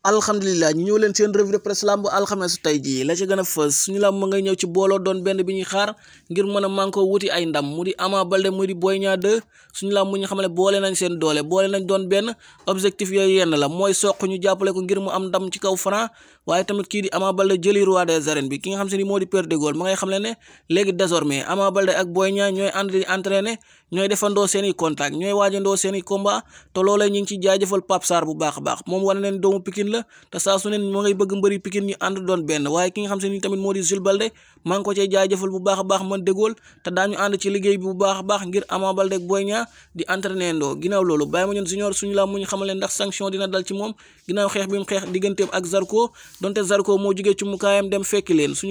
alhamdulilah ñu ñëw leen seen revue de presse lamb alxames tey jii la ci gën a fës suñu lamb ma ngay ñëw ci booloo doon benn bi ñuy xaar ngir mën a mànkoo wuti ay ndam mu di Ama Baldé mu di Boy Niang 2 suñu lamb mu ñu xamale boole nañ seen doole boole nañ doon benn objectif yooyu yenn la mooy soq ñu jàppale ko ngir mu am ndam ci kaw Franc waaye tamit kii di Ama Baldé jëli roi des arènes bi ki nga xam se ni moo di Père de Gaulle ma ngay xam le ne léegi désormais Ama ñooy ànd di entraîner ñooy defandoo seeni i contact ñooy waajandoo seen i combat te ñu ngi ci jaajëfal Pape Sarr bu baax a baax moom wane leen doomu Pikine la te saa su ne ngay bëgg mbëri Pikine ñu ànd doon benn waaye ki nga xam se ni tamit moo di Jules Baldé maa ngi ko cee jaajëfal bu baax a baax man dégool te daañu ànd ci liggéey bi bu baax a baax ngir Ama Baldé Boy Niang di entraîné ndoo ginnaaw loolu Baye Mandione Junior suñu la muñu xamal leen ndax sanction dina dal ci moom ginnaaw xeex bi mu xeex digganteem ak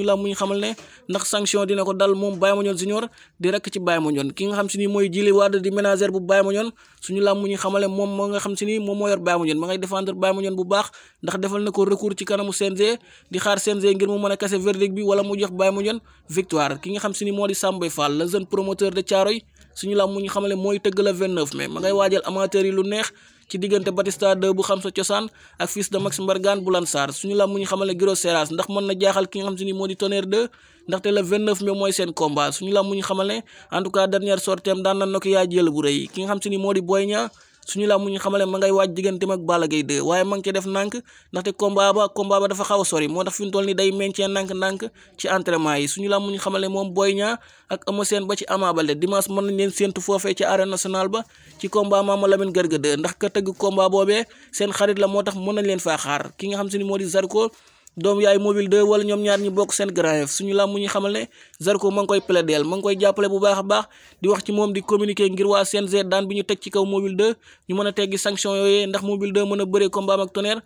la muñu xamal ne ndax sanction dina ko dal moom Baye Mandione Junior di rekk ci Baye Mandione ki nga xam ni mooy Jili Wade di bu Baye Mandione suñu la muñu moom moo nga xam si ni moom moo yor Baye Mandione ma ngay défendre Baye Mandione bu baax ndax defal na ko recours ci kanamu CNG di xaar CNG ngir mu mën a kase verdict bi wala mu jox Baye làmmuñal victoire ki nga xam si ni moo di Sambay la jeune promoteur de Thiaroye suñu làmmuñu xamale mooy tëgg la 29 mai ma ngay waajal amateur yi lu neex ci diggante Batista 2 bu xam sa cosaan ak fils de Max Mbargane bu Lansar suñu làmb ñu xamale Giro Seras ndax mën na jaaxal ki nga xam si ni moo di Tonnerre 2 ndaxte le 29 mai mooy seen combat suñu làmb ñu xamale en tout cas dernière sortie daan na nokki yaa jël bu rëy ki nga xam suñu làmb ñu xamale ma ngay waaj digganteem ak Balla Gaye 2 waaye ma ngi def nànk ndaxte combat ba ba dafa xaw a sori moo tax fi mu toll ni day maintien nànk-nànk ci entraînement yi suñu làmb ñu xamale moom Boy Niang ak Eumeu Sène ba ci Ama Baldé dimanche mën nañ ba ci combat Mama Lamine Garga 2 ndax ka tëgg combat boobee la moo tax mën nañ leen faa xaar ki nga xam si ni moo di Zarko doom yaay mobile 2 wala ñoom ñaar ñi bokk seen grand suñu làmb ñu xamal ne Zarko ma ngi koy plaideel ma ngi koy jàppale bu baax a baax di wax ci moom di communiquer ngir waa CNG daan bi ñu teg ci kaw mobile 2 ñu mën a teggi sanction yooyee ndax mobile 2 mën a bëree combat am ak tonnerre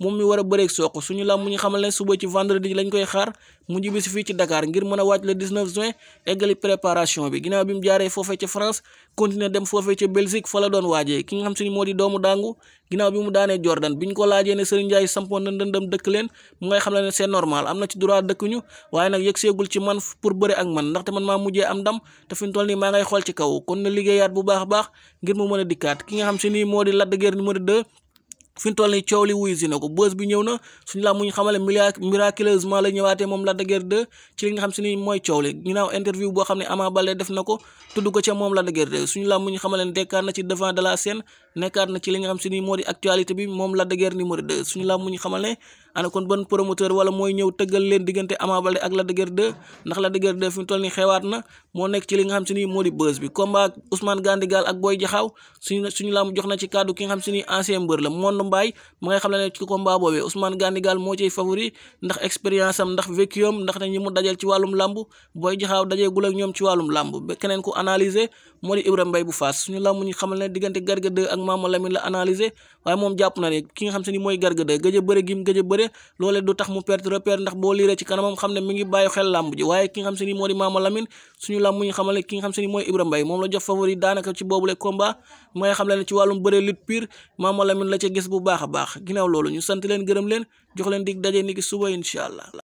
mu ñu xamal ne suba ci am na ci droit dëkkuñu waaye nag yëg seegul ci man pour bëre ak man ndaxte man maa mujjee am ndam te fi toll nii maa ngay xool ci kaw kon na liggéeyaat bu baax a baax ngir mu mën a dikkaat ki nga xam si nii moo di Lac de Guiers numéro toll nii coow li wuyu si na ko bës bi ñëw na suñu la muñ xamale miraculeusement la ñëwaatee moom Lac de Guiers li nga xam si mooy coow li ginnaaw interview boo xam ne Ama Baldé def na ko tudd ko ca moom Lac de Guiers 2 suñu la muñ xamale na ci devant de la scène nekkaat na li nga ni moo di actualité moom Lac de Guiers numéro 2 laa la muñ xamal ana kon ban promoteur wala mooy ñëw tëggal leen diggante Ama ak Lac de ndax Lac de fi mu toll nii xewaat na moo nekk ci li nga xam si ni la Monde Mbaye ma la analyser waaye moom jàpp na ne ki nga xam mooy Garga 2 a bëre gim gëj a bëre loole du tax mu perte repère ndax boo liiree ci kanamam xam ne mi ngi bàyyi xel làmb ji waaye ki nga xam se ni moo di Maama Lamine mooy Ibra Mbaye moom la jox favori daanaka ci boobule combat may xam leen ci wàllum bëre lutte pure Maama Lamine la ca gis bu baax a baax ginnaaw loolu ñu sant leen gërëm leen jox leen di daje niki suba incha allah